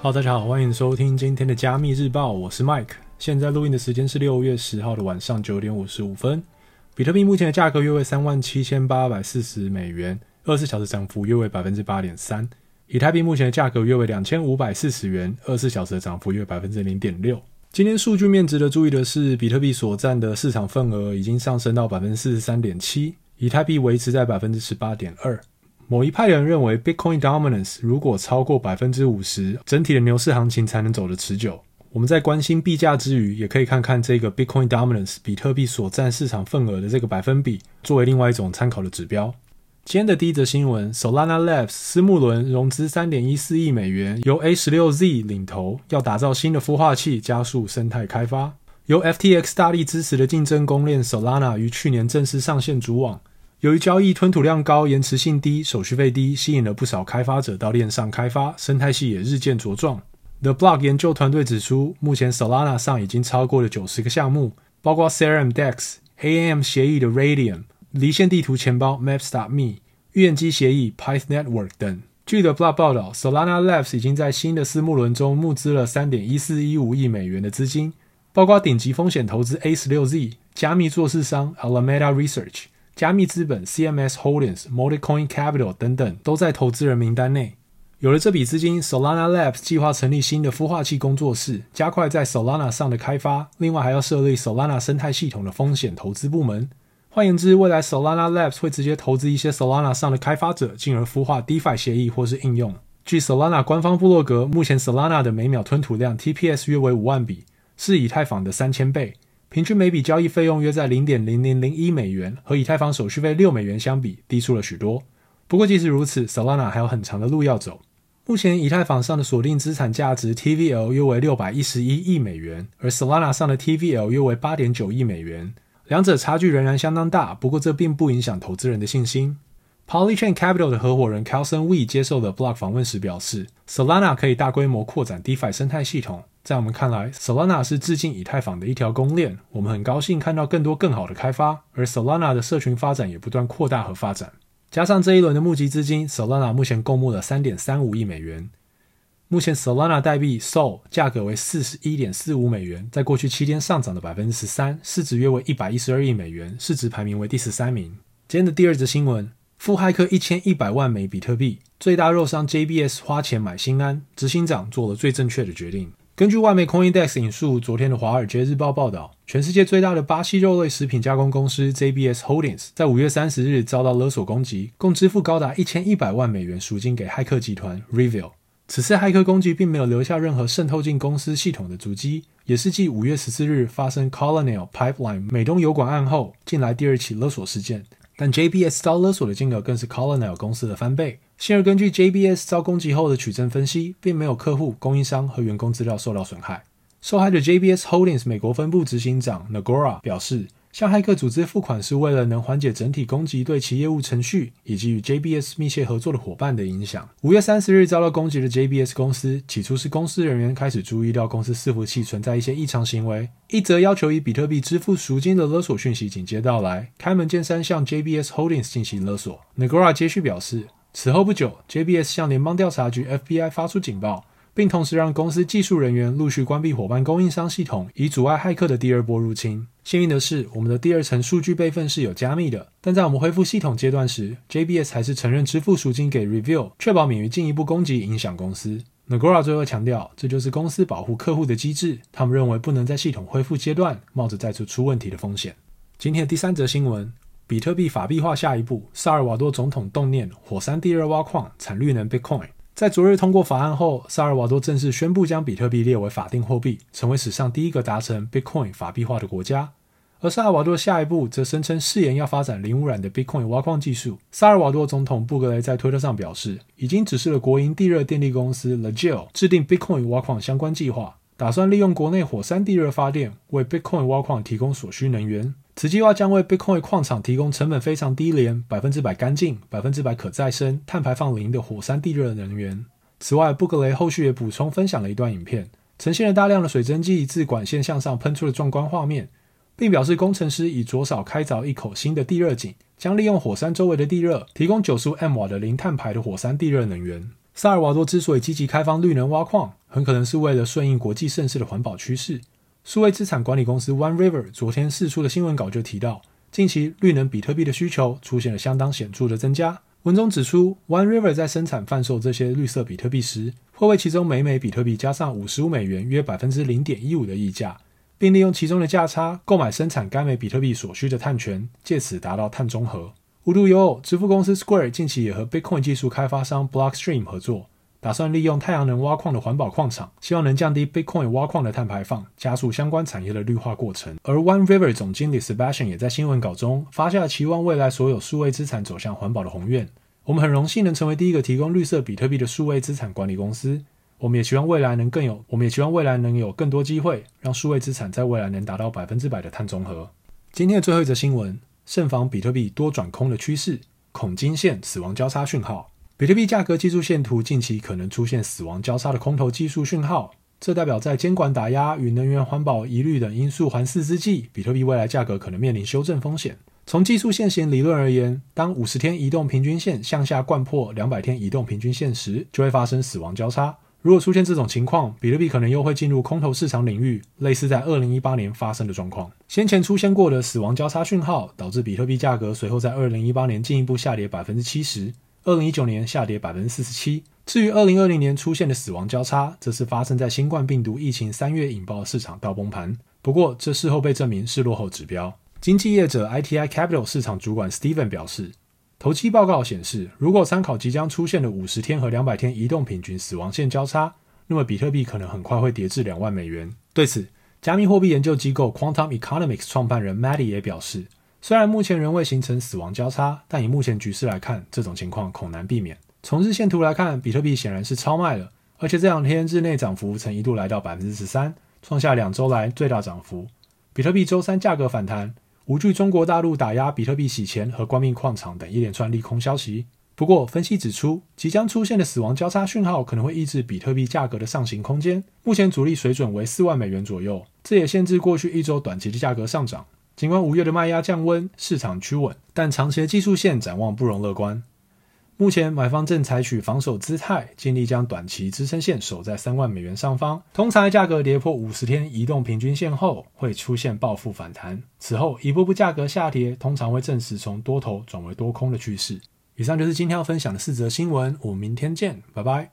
好，Hello, 大家好，歡迎收聽今天的加密日報，我是 Mike。現在錄音的時間是六月十號的晚上九點五十五分。比特幣目前的價格約為三萬七千八百四十美元，二十四小時漲幅約為百分之八點三。以太幣目前的價格約為兩千五百四十元，二十四小時的漲幅約百分之零點六。今天數據面值得注意的是，比特幣所占的市場份額已經上升到百分之四十三點七，以太幣維持在百分之十八點二。某一派人認為，Bitcoin Dominance 如果超過百分之五十，整體的牛市行情才能走得持久。我們在關心幣價之餘，也可以看看這個 Bitcoin Dominance 比特幣所占市場份額的這個百分比，作為另外一種參考的指標。今天的第一則新聞，Solana Labs 私募輪融資三點一四億美元，由 A16Z 領投，要打造新的孵化器，加速生態開發。由 FTX 大力支持的競爭公鏈 Solana 於去年正式上線主網。由於交易吞吐量高，延遲性低、手續費低，吸引了不少開發者到鏈上開發，生態系也日漸茁壯。The Block 研究團隊指出，目前 Solana 上已經超過了九十個項目，包括 Serum Dex、AMM 協議的 Radium、離線地圖錢包 Maps.me、預言機協議 Pyth Network 等。據 The Block 報道，Solana Labs 已經在新的私募輪中募資了三點一四一五億美元的資金，包括頂級風險投資 A 十六 Z、加密做市商 Alameda Research。加密資本、CMS Holdings、Multicoin Capital 等等都在投資人名單內。有了這筆資金，Solana Labs 計劃成立新的孵化器工作室，加快在 Solana 上的開發。另外，還要設立 Solana 生態系統的風險投資部門。換言之，未來 Solana Labs 會直接投資一些 Solana 上的開發者，進而孵化 DeFi 協議或是應用。據 Solana 官方部落格，目前 Solana 的每秒吞吐量 TPS 約為五萬筆，是以太坊的三千倍。平均每筆交易費用約在零點零零零一美元，和以太坊手續費六美元相比，低出了許多。不過，即使如此，Solana 還有很長的路要走。目前，以太坊上的鎖定資產價值 （TVL） 約為六百一十一億美元，而 Solana 上的 TVL 約為八點九億美元，兩者差距仍然相當大。不過，這並不影響投資人的信心。Polychain Capital 的合夥人 Kelson Wee 接受的 Block 訪問時表示：“Solana 可以大規模擴展 DeFi 生態系統。在我們看來，Solana 是致敬以太坊的一條公鏈。我們很高興看到更多更好的開發，而 Solana 的社群發展也不斷擴大和發展。加上這一輪的募集資金，Solana 目前共募了三點三五億美元。目前 Solana 代幣 SO 價格為四十一點四五美元，在過去七天上漲了百分之十三，市值約為一百一十二億美元，市值排名為第十三名。今天的第二則新聞。”付駭客一千一百萬美比特幣，最大肉商 JBS 花錢買心安，執行長，做了最正確的決定。根據外媒 CoinDesk 引述昨天的《華爾街日報》報道，全世界最大的巴西肉類食品加工公司 JBS Holdings 在五月三十日遭到勒索攻擊，共支付高達一千一百萬美元贖金給駭客集團 REvil。此次駭客攻擊並沒有留下任何滲透進公司系統的足跡，也是繼五月十四日發生 Colonial Pipeline 美東油管案後，近來第二起勒索事件。但 JBS 遭勒索的金額更是 Colonial 公司的翻倍。幸而根據 JBS 遭攻擊後的取證分析，並沒有客戶、供應商和員工資料受到損害。受害的 JBS Holdings 美國分部執行長 Nagora 表示，向駭客組織付款是為了能緩解整體攻擊對其業務程序以及與 JBS 密切合作的伙伴的影響。五月三十日遭到攻擊的 JBS 公司，起初是公司人員開始注意到公司伺服器存在一些異常行為，一則要求以比特幣支付贖金的勒索訊息緊接到來，開門見山向 JBS Holdings 進行勒索。Negora 接續表示，此後不久，JBS 向聯邦調查局 FBI 發出警報。並同時讓公司技術人員陸續關閉夥伴供應商系統，以阻礙駭客的第二波入侵。幸運的是，我們的第二層數據備份是有加密的，但在我們恢復系統階段時，JBS 還是承認支付贖金給 REvil，確保免於進一步攻擊影響公司。Nogueira 最後強調，這就是公司保護客戶的機制。他們認為不能在系統恢復階段冒着再次出問題的風險。今天的第三則新聞：比特幣法幣化下一步，薩爾瓦多總統動念火山地熱挖礦，產綠能 Bitcoin。在昨日通過法案後，薩爾瓦多正式宣布將比特幣列為法定貨幣，成為史上第一個達成 Bitcoin 法幣化的國家。而薩爾瓦多下一步則聲稱誓言要發展零污染的 Bitcoin 挖礦技術。薩爾瓦多總統布格雷在推特上表示，已經指示了國營地熱電力公司 LaGeo 制定 Bitcoin 挖礦相關計劃，打算利用國內火山地熱發電為 Bitcoin 挖礦提供所需能源。此計劃將為 Bitcoin 礦場提供成本非常低廉、百分之百乾淨、百分之百可再生、碳排放零的火山地熱能源。此外，布格雷後續也補充分享了一段影片，呈現了大量的水蒸氣自管線向上噴出的壯觀畫面，並表示工程師已着手開鑿一口新的地熱井，將利用火山周圍的地熱提供九十五 M 瓦的零碳排的火山地熱能源。薩爾瓦多之所以積極開發綠能挖礦，很可能是為了順應國際盛世的環保趨勢。數位資產管理公司 One River 昨天釋出的新聞稿就提到，近期綠能比特幣的需求出現了相當顯著的增加。文中指出，One River 在生產販售這些綠色比特幣時，會為其中每枚比特幣加上五十五美元（約百分之零點一五）的溢價，並利用其中的價差購買生產該枚比特幣所需的碳權，借此達到碳中和。無獨有偶，支付公司 Square 近期也和 Bitcoin 技術開發商 Blockstream 合作。打算利用太陽能挖礦的環保礦場，希望能降低 Bitcoin 挖礦的碳排放，加速相關產業的綠化過程。而 One River 總經理 Sebastian 也在新聞稿中發下了期望未來所有數位資產走向環保的宏願。我們很榮幸能成為第一個提供綠色比特幣的數位資產管理公司。我們也希望未來能更有，我們也希望未來能有更多機會，讓數位資產在未來能達到百分之百的碳中和。今天的最後一則新聞：慎防比特幣多轉空的趨勢，恐驚現死亡交叉訊號。比特幣價格技術線圖近期可能出現死亡交叉的空頭技術訊號，這代表在監管打壓與能源環保疑慮等因素環伺之際，比特幣未來價格可能面臨修正風險。從技術線型理論而言，當五十天移動平均線向下貫破兩百天移動平均線時，就會發生死亡交叉。如果出現這種情況，比特幣可能又會進入空頭市場領域，類似在二零一八年發生的狀況。先前出現過的死亡交叉訊號，導致比特幣價格隨後在二零一八年進一步下跌百分之七十。二零一九年下跌百分之四十七。至於二零二零年出現的死亡交叉，則是發生在新冠病毒疫情三月引爆市場倒崩盤。不過，這事後被證明是落後指標。經紀業者 ITI Capital 市場主管 Stephen 表示，投機報告顯示，如果參考即將出現的五十天和兩百天移動平均死亡線交叉，那麼比特幣可能很快會跌至兩萬美元。對此，加密貨幣研究機構 Quantum Economics 創辦人 Matty 也表示。雖然目前仍未形成死亡交叉，但以目前局勢來看，這種情況恐難避免。從日線圖來看，比特幣顯然是超賣了，而且這兩天日內漲幅曾一度來到百分之十三，創下兩周來最大漲幅。比特幣周三價格反彈，無懼中國大陸打壓比特幣洗錢和關閉礦場等一連串利空消息。不過，分析指出，即將出現的死亡交叉訊號可能會抑制比特幣價格的上行空間。目前阻力水準為四萬美元左右，這也限制過去一周短期的價格上漲。儘管五月的賣壓降溫，市場趨穩，但長期的技術線展望不容樂觀。目前買方正採取防守姿態，盡力將短期支撐線守在三萬美元上方。通常價格跌破五十天移動平均線後會出現報復反彈，此後一波波價格下跌，通常會證實從多頭轉為多空的趨勢。以上就是今天要分享的四則新聞，我們明天見，拜拜。